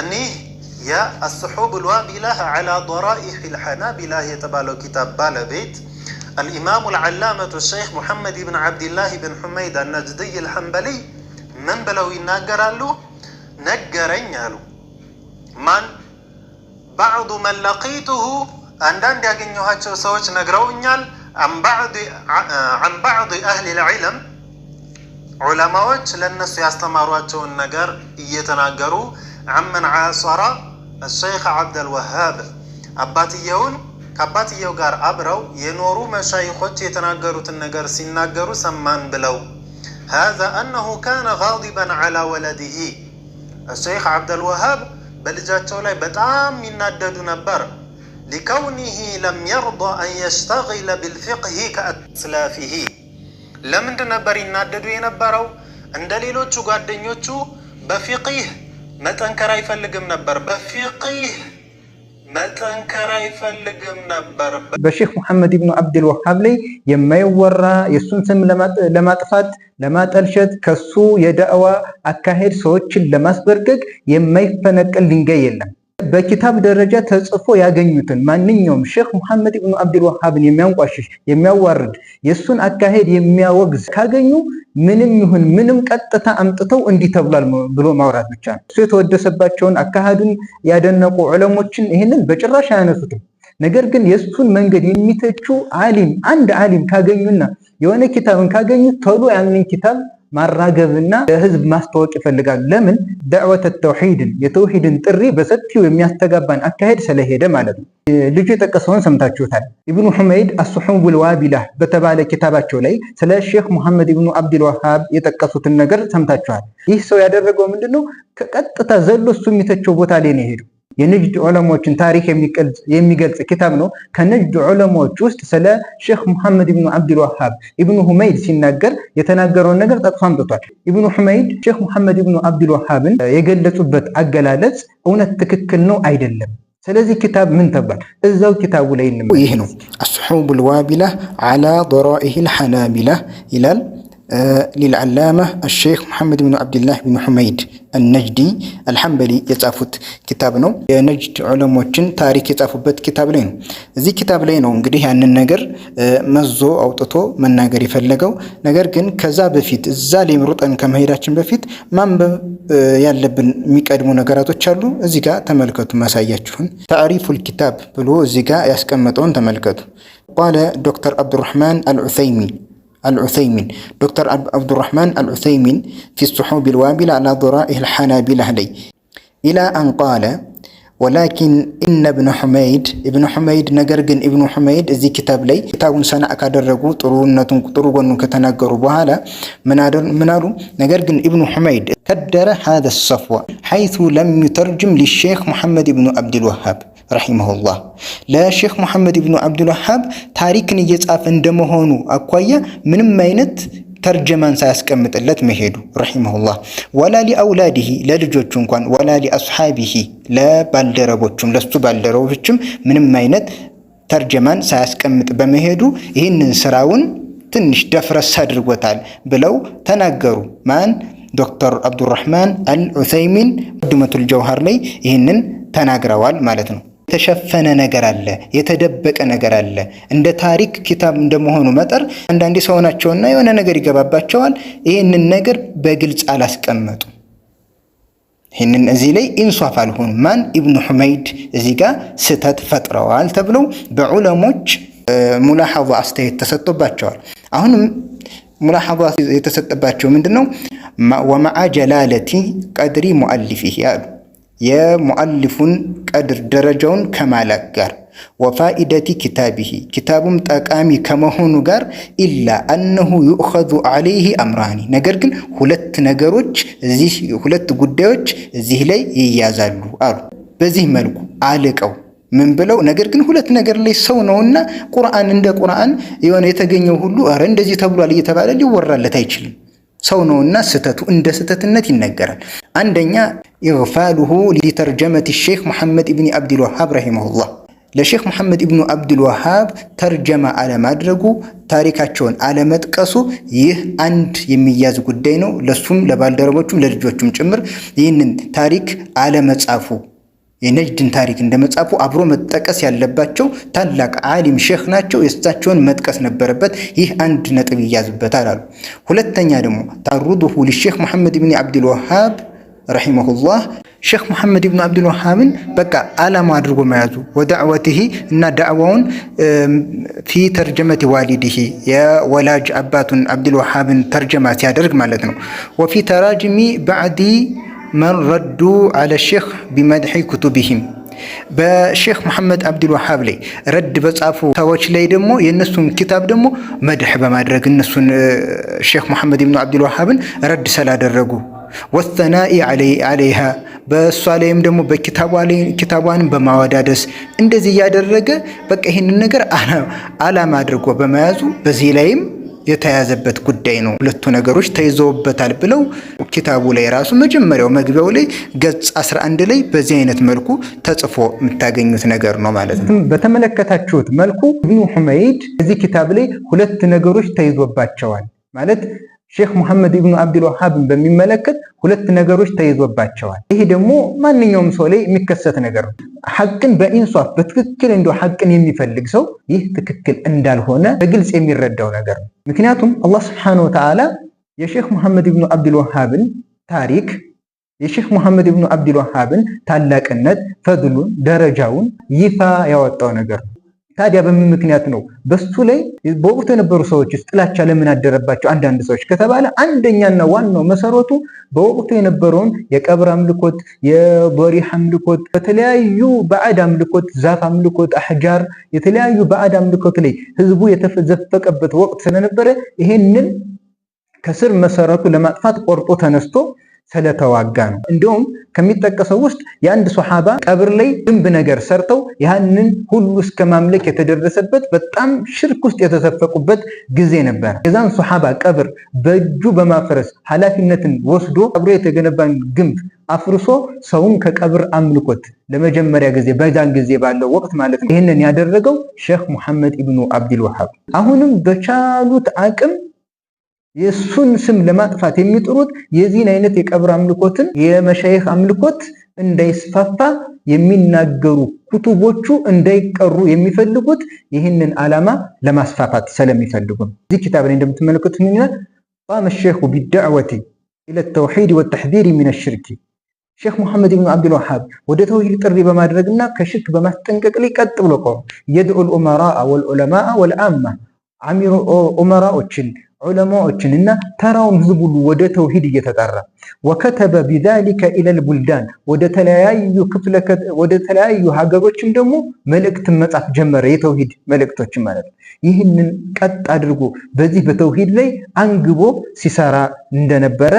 እኒህ የአስሑቡል ልዋቢላህ ዓላ ደራኢሒል ሐናቢላህ የተባለው ኪታብ ባለቤት አልኢማሙ ልዓላመቱ ሸይኽ ሙሐመድ ብን ዓብድላህ ብን ሑመይድ አነጅድይ ልሐንበሊ ምን ብለው ይናገራሉ? ነገረኝ አሉ ማን ባዕዱ መን ለቂቱሁ አንዳንድ ያገኘኋቸው ሰዎች ነግረውኛል። አን ባዕድ አህሊ ልዕልም ዑለማዎች ለእነሱ ያስተማሯቸውን ነገር እየተናገሩ አመን ዓሷራ ሸይኽ አብደልወሃብ አባትየውን ከአባትየው ጋር አብረው የኖሩ መሻይኾች የተናገሩትን ነገር ሲናገሩ ሰማን ብለው ሀዛ አነሁ ካነ ጋዲበን ዓላ ወለድህ ሸይኽ አብደልወሃብ በልጃቸው ላይ በጣም ይናደዱ ነበር ሊከውኒህ ለም የርዳ አን የሽተግለ ቢልፊቅህ ከአስላፊህ ለምንድ ነበር ይናደዱ የነበረው እንደ ሌሎቹ ጓደኞቹ በፊቅህ መጠንከር አይፈልግም ነበር። በፊቅህ መጠንከር አይፈልግም ነበር። በሼክ ሙሐመድ ብኑ አብድል ወሃብ ላይ የማይወራ የእሱን ስም ለማጥፋት ለማጠልሸት፣ ከሱ የዳዕዋ አካሄድ ሰዎችን ለማስበርገግ የማይፈነቅል ድንጋይ የለም። በኪታብ ደረጃ ተጽፎ ያገኙትን ማንኛውም ሼክ ሙሐመድ ብኑ አብድልዋሃብን የሚያንቋሽሽ የሚያዋርድ የእሱን አካሄድ የሚያወግዝ ካገኙ ምንም ይሁን ምንም ቀጥታ አምጥተው እንዲህ ተብሏል ብሎ ማውራት ብቻ ነው። እሱ የተወደሰባቸውን አካሄዱን ያደነቁ ዑለሞችን ይህንን በጭራሽ አያነሱትም። ነገር ግን የእሱን መንገድ የሚተቹ አሊም አንድ አሊም ካገኙና የሆነ ኪታብን ካገኙ ቶሎ ያንን ኪታብ ማራገብና ለህዝብ ማስታወቅ ይፈልጋል። ለምን ዳዕወተ ተውሂድን የተውሂድን ጥሪ በሰፊው የሚያስተጋባን አካሄድ ስለሄደ ማለት ነው። ልጁ የጠቀሰውን ሰምታችሁታል። ኢብኑ ሑመይድ አሱሑቡል ዋቢላህ በተባለ ኪታባቸው ላይ ስለ ሼክ ሙሐመድ ኢብኑ አብድልዋሃብ የጠቀሱትን ነገር ሰምታችኋል። ይህ ሰው ያደረገው ምንድነው ከቀጥታ ዘሎ እሱ የሚተቸው ቦታ ላይ ነው የሄደው የንጅድ ዑለሞችን ታሪክ የሚገልጽ ኪታብ ነው። ከንጅድ ዑለሞች ውስጥ ስለ ሼክ ሙሐመድ ብኑ አብድልዋሃብ ኢብኑ ሁመይድ ሲናገር የተናገረውን ነገር ጠቅሶ አምጥቷል። ኢብኑ ሁመይድ ሼክ ሙሐመድ ብኑ አብድልዋሃብን የገለጹበት አገላለጽ እውነት ትክክል ነው አይደለም። ስለዚህ ኪታብ ምን ተባል? እዛው ኪታቡ ላይ ይህ ነው አስሑቡል ዋቢላ ዓላ ደራኢሂል ሐናቢላ ይላል ሊልዓላማ አሼክ መሐመድ ብኑ አብድላህ ብኑ ሑመይድ አነጅዲ አልሐንበሊ የጻፉት ኪታብ ነው። የነጅድ ዑለሞችን ታሪክ የጻፉበት ኪታብ ላይ ነው። እዚህ ኪታብ ላይ ነው እንግዲህ ያንን ነገር መዞ አውጥቶ መናገር የፈለገው ነገር ግን ከዛ በፊት እዛ ላይ ሩጠን ከመሄዳችን በፊት ማንበብ ያለብን የሚቀድሙ ነገራቶች አሉ። እዚ ጋ ተመልከቱ። ማሳያችሁን ታሪፉል ኪታብ ብሎ እዚህ ጋ ያስቀመጠውን ተመልከቱ። ቃለ ዶክተር አብዱራህማን አልዑሰይሚን العثيمين دكتور عبد الرحمن العثيمين في السحوب الوابلة على ضرائه الحنابلة لي إلى أن قال ولكن إن ابن حميد ابن حميد نجرجن ابن حميد زي كتاب لي كتاب سنة أكادر رجو طرونة طرون كتنجر على منار منارو نجرجن ابن حميد كدر هذا الصفوة حيث لم يترجم للشيخ محمد بن عبد الوهاب ረሂመሁላህ ለሼክ ሙሐመድ ብኑ አብዱልወሃብ ታሪክን እየጻፈ እንደመሆኑ አኳያ ምንም አይነት ተርጀማን ሳያስቀምጥለት መሄዱ ረሂመሁላህ ወላ ሊአውላድህ ለልጆቹ እንኳን ወላ ሊአስሓቢህ ለባልደረቦቹም ለሱ ባልደረቦችም ምንም አይነት ተርጀማን ሳያስቀምጥ በመሄዱ ይህንን ስራውን ትንሽ ደፍረስ አድርጎታል ብለው ተናገሩ። ማን ዶክተር አብዱራህማን አልዑሰይሚን መቅድመቱል ጀውሃር ላይ ይህንን ተናግረዋል ማለት ነው። የተሸፈነ ነገር አለ፣ የተደበቀ ነገር አለ። እንደ ታሪክ ኪታብ እንደመሆኑ መጠር አንዳንዴ ሰው ናቸውና የሆነ ነገር ይገባባቸዋል። ይህንን ነገር በግልጽ አላስቀመጡ። ይህንን እዚህ ላይ ኢንሷፍ አልሆኑ ማን ኢብኑ ሑመይድ እዚህ ጋር ስህተት ፈጥረዋል ተብለው በዑለሞች ሙላሐዛ አስተያየት ተሰጥቶባቸዋል። አሁንም ሙላሐዛ የተሰጠባቸው ምንድን ነው? ወመዓ ጀላለቲ ቀድሪ ሙአሊፊህ ያሉ የሙአሊፉን ቀድር ደረጃውን ከማላክ ጋር ወፋኢደቲ ኪታቢሂ ኪታቡም ጠቃሚ ከመሆኑ ጋር ኢላ አነሁ ዩእኸዙ ዓለይህ አምራኒ ነገር ግን ሁለት ነገሮች እዚህ ሁለት ጉዳዮች እዚህ ላይ ይያዛሉ አሉ። በዚህ መልኩ አልቀው ምን ብለው ነገር ግን ሁለት ነገር ላይ ሰው ነውና ቁርአን እንደ ቁርአን የሆነ የተገኘው ሁሉ ረ እንደዚህ ተብሏል እየተባለ ሊወራለት አይችልም። ሰው ነውና ስህተቱ እንደ ስህተትነት ይነገራል። አንደኛ ኢግፋሉሁ ሊተርጀመት ሼክ ሙሐመድ ኢብኒ አብድልዋሃብ ረሂመሁላህ ለሼክ መሐመድ ኢብኑ አብድልዋሃብ ተርጀማ አለማድረጉ ታሪካቸውን አለመጥቀሱ ይህ አንድ የሚያዝ ጉዳይ ነው። ለሱም ለባልደረቦቹም ለልጆቹም ጭምር ይህንን ታሪክ አለመጻፉ የነጅድን ታሪክ እንደመጻፉ አብሮ መጠቀስ ያለባቸው ታላቅ ዓሊም ሼክ ናቸው። የእሳቸውን መጥቀስ ነበረበት። ይህ አንድ ነጥብ ይያዝበታል አሉ። ሁለተኛ ደግሞ ታሩዱሁ ሊሼክ ሙሐመድ ኢብኒ አብድልዋሃብ ረሒመሁላህ ሼክ ሙሐመድ ብኑ አብዱልወሃብን በቃ አላማ አድርጎ መያዙ ወዳዕወትሂ እና ዳዕዋውን ፊ ተርጀመት ዋሊድሂ የወላጅ አባቱን አብዱልወሃብን ተርጀማ ሲያደርግ ማለት ነው። ወፊ ተራጅሚ ባዕዲ መን ረዱ አለ ሼክ ቢመድሒ ኩቱብህም በሼክ ሙሐመድ አብዱልወሃብ ላይ ረድ በጻፉ ሰዎች ላይ ደግሞ የእነሱን ኪታብ ደግሞ መድሕ በማድረግ እነሱን ሼክ ሙሐመድ ብኑ አብዱልወሃብን ረድ ስላደረጉ ወተናኢ አለይሃ በእሷ ላይም ደግሞ ኪታቧንም በማወዳደስ እንደዚህ እያደረገ በቃ ይህንን ነገር አላማ አድርጎ በመያዙ በዚህ ላይም የተያዘበት ጉዳይ ነው። ሁለቱ ነገሮች ተይዘውበታል ብለው ኪታቡ ላይ ራሱ መጀመሪያው መግቢያው ላይ ገጽ 11 ላይ በዚህ አይነት መልኩ ተጽፎ የምታገኙት ነገር ነው ማለት ነው። በተመለከታችሁት መልኩ ኢብኑ ሁመይድ እዚህ ኪታብ ላይ ሁለት ነገሮች ተይዞባቸዋል ማለት ሼክ ሙሐመድ ኢብኑ አብዱል ወሃብን በሚመለከት ሁለት ነገሮች ተይዞባቸዋል። ይሄ ደግሞ ማንኛውም ሰው ላይ የሚከሰት ነገር ነው። ሐቅን በኢንሷፍ በትክክል እንደ ሐቅን የሚፈልግ ሰው ይህ ትክክል እንዳልሆነ በግልጽ የሚረዳው ነገር ነው። ምክንያቱም አላህ ስብሐነሁ ወተዓላ የሼክ ሙሐመድ ኢብኑ አብዱል ወሃብን ታሪክ የሼክ ሙሐመድ ኢብኑ አብዱል ወሃብን ታላቅነት፣ ፈድሉን፣ ደረጃውን ይፋ ያወጣው ነገር ነው። ታዲያ በምን ምክንያት ነው በሱ ላይ በወቅቱ የነበሩ ሰዎች ጥላቻ ለምን አደረባቸው አንዳንድ ሰዎች ከተባለ አንደኛና ዋናው መሰረቱ በወቅቱ የነበረውን የቀብር አምልኮት፣ የበሪህ አምልኮት፣ በተለያዩ ባዕድ አምልኮት፣ ዛፍ አምልኮት፣ አህጃር የተለያዩ ባዕድ አምልኮት ላይ ህዝቡ የተዘፈቀበት ወቅት ስለነበረ ይሄንን ከስር መሰረቱ ለማጥፋት ቆርጦ ተነስቶ ስለተዋጋ ነው። እንዲሁም ከሚጠቀሰው ውስጥ የአንድ ሶሓባ ቀብር ላይ ግንብ ነገር ሰርተው ያንን ሁሉ እስከ ማምለክ የተደረሰበት በጣም ሽርክ ውስጥ የተሰፈቁበት ጊዜ ነበር። የዛን ሶሓባ ቀብር በእጁ በማፍረስ ኃላፊነትን ወስዶ ቀብሮ የተገነባን ግንብ አፍርሶ ሰውን ከቀብር አምልኮት ለመጀመሪያ ጊዜ በዛን ጊዜ ባለው ወቅት ማለት ነው። ይህንን ያደረገው ሼክ ሙሐመድ ኢብኑ አብዲልዋሃብ አሁንም በቻሉት አቅም የእሱን ስም ለማጥፋት የሚጥሩት የዚህን አይነት የቀብር አምልኮትን የመሻይህ አምልኮት እንዳይስፋፋ የሚናገሩ ኩቱቦቹ እንዳይቀሩ የሚፈልጉት ይህንን ዓላማ ለማስፋፋት ስለሚፈልጉ እዚህ ኪታብ ላይ እንደምትመለከቱት ምንላል ቃመ ሼኹ ቢዳዕወቲ ኢለ ተውሒድ ወተሕዚሪ ሚን ሽርኪ ሼክ ሙሐመድ ብኑ ዓብድልዋሃብ ወደ ተውሂድ ጥሪ በማድረግና ከሽርክ በማስጠንቀቅ ላይ ቀጥ ብሎ ቆሙ። የድዑ ልኡመራአ ወልዑለማአ ወልአማ አሚሩ ኡመራዎችን ዑለማዎችን እና ተራውን ህዝብ ሁሉ ወደ ተውሂድ እየተጠራ ወከተበ ቢዛሊከ ኢለል ቡልዳን ወደ ተለያዩ ሀገሮችም ደግሞ መልእክትን መጻፍ ጀመረ። የተውሂድ መልእክቶችን ማለት ነው። ይህንን ቀጥ አድርጎ በዚህ በተውሂድ ላይ አንግቦ ሲሰራ እንደነበረ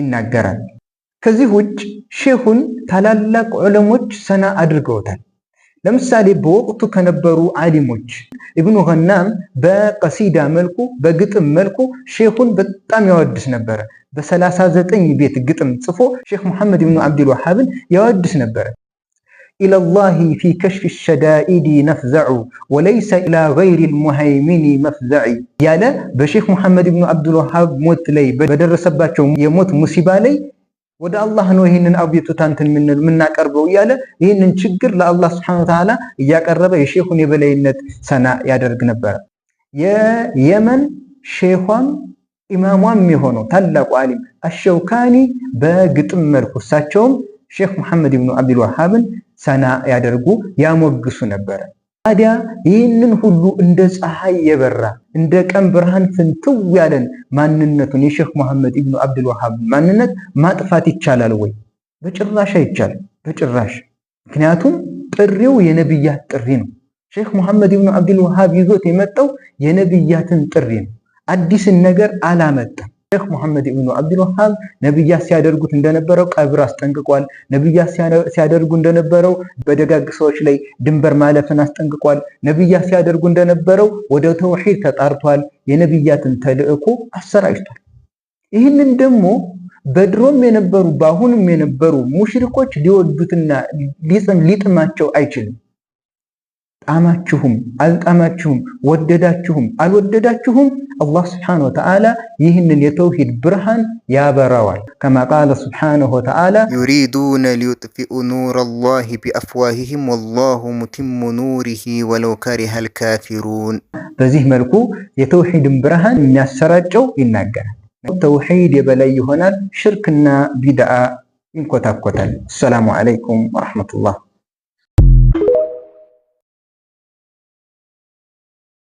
ይናገራል። ከዚህ ውጭ ሼሁን ታላላቅ ዑለሞች ሰና አድርገውታል። ለምሳሌ በወቅቱ ከነበሩ አሊሞች ኢብኑ ገናም በቀሲዳ መልኩ በግጥም መልኩ ሼሁን በጣም ያወድስ ነበረ። በ39 ቤት ግጥም ጽፎ ሼክ ሙሐመድ ብኑ አብድልዋሃብን ያወድስ ነበረ። ኢለላሂ ፊ ከሽፍ ሸዳኢዲ ነፍዘዑ ወለይሰ ኢላ ገይሪ ልሙሃይሚኒ መፍዘዒ ያለ በሼክ ሙሐመድ ብኑ አብድልዋሃብ ሞት ላይ በደረሰባቸው የሞት ሙሲባ ላይ ወደ አላህ ነው ይህንን አቤቱታን የምናቀርበው እያለ ይህንን ችግር ለአላህ ስብሐነ ወተዓላ እያቀረበ የሼሁን የበላይነት ሰና ያደርግ ነበረ። የየመን ሼኹም ኢማሟም የሆነው ታላቁ ዓሊም አሸውካኒ በግጥም መልኩ እሳቸውም ሼክ መሐመድ ብኑ አብዱል ሰና ያደርጉ ያሞግሱ ነበረ። ታዲያ ይህንን ሁሉ እንደ ፀሐይ የበራ እንደ ቀን ብርሃን ፍንትው ያለን ማንነቱን የሼክ መሐመድ ኢብኑ አብድልዋሃብ ማንነት ማጥፋት ይቻላል ወይ? በጭራሽ አይቻልም፣ በጭራሽ። ምክንያቱም ጥሪው የነብያት ጥሪ ነው። ሼክ መሐመድ ኢብኑ አብድልዋሃብ ይዞት የመጣው የነብያትን ጥሪ ነው። አዲስን ነገር አላመጣም። ሼክ ሙሐመድ ኢብኑ አብዱልወሃብ ነቢያት ሲያደርጉት እንደነበረው ቀብር አስጠንቅቋል። ነቢያት ሲያደርጉ እንደነበረው በደጋግ ሰዎች ላይ ድንበር ማለፍን አስጠንቅቋል። ነቢያት ሲያደርጉ እንደነበረው ወደ ተውሂድ ተጣርቷል። የነቢያትን ተልእኮ አሰራጭቷል። ይህንን ደግሞ በድሮም የነበሩ በአሁንም የነበሩ ሙሽሪኮች ሊወዱትና ሊጥማቸው አይችልም። ቃማችሁም አልቃማችሁም ወደዳችሁም አልወደዳችሁም አላህ ስብሓነሁ ወተዓላ ይህንን የተውሂድ ብርሃን ያበራዋል። ከማ ቃለ ስብሓነሁ ወተዓላ ዩሪዱነ ሊዩጥፊኡ ኑረላሂ ቢአፍዋሂህም ወላሁ ሙቲሙ ኑሪሂ ወለው ከሪሀል ካፊሩን። በዚህ መልኩ የተውሂድን ብርሃን የሚያሰራጨው ይናገራል። ተውሂድ የበላይ ይሆናል፣ ሽርክና ቢድዓ ይንኮታኮታል። አሰላሙ ዓለይኩም ወረሕመቱላህ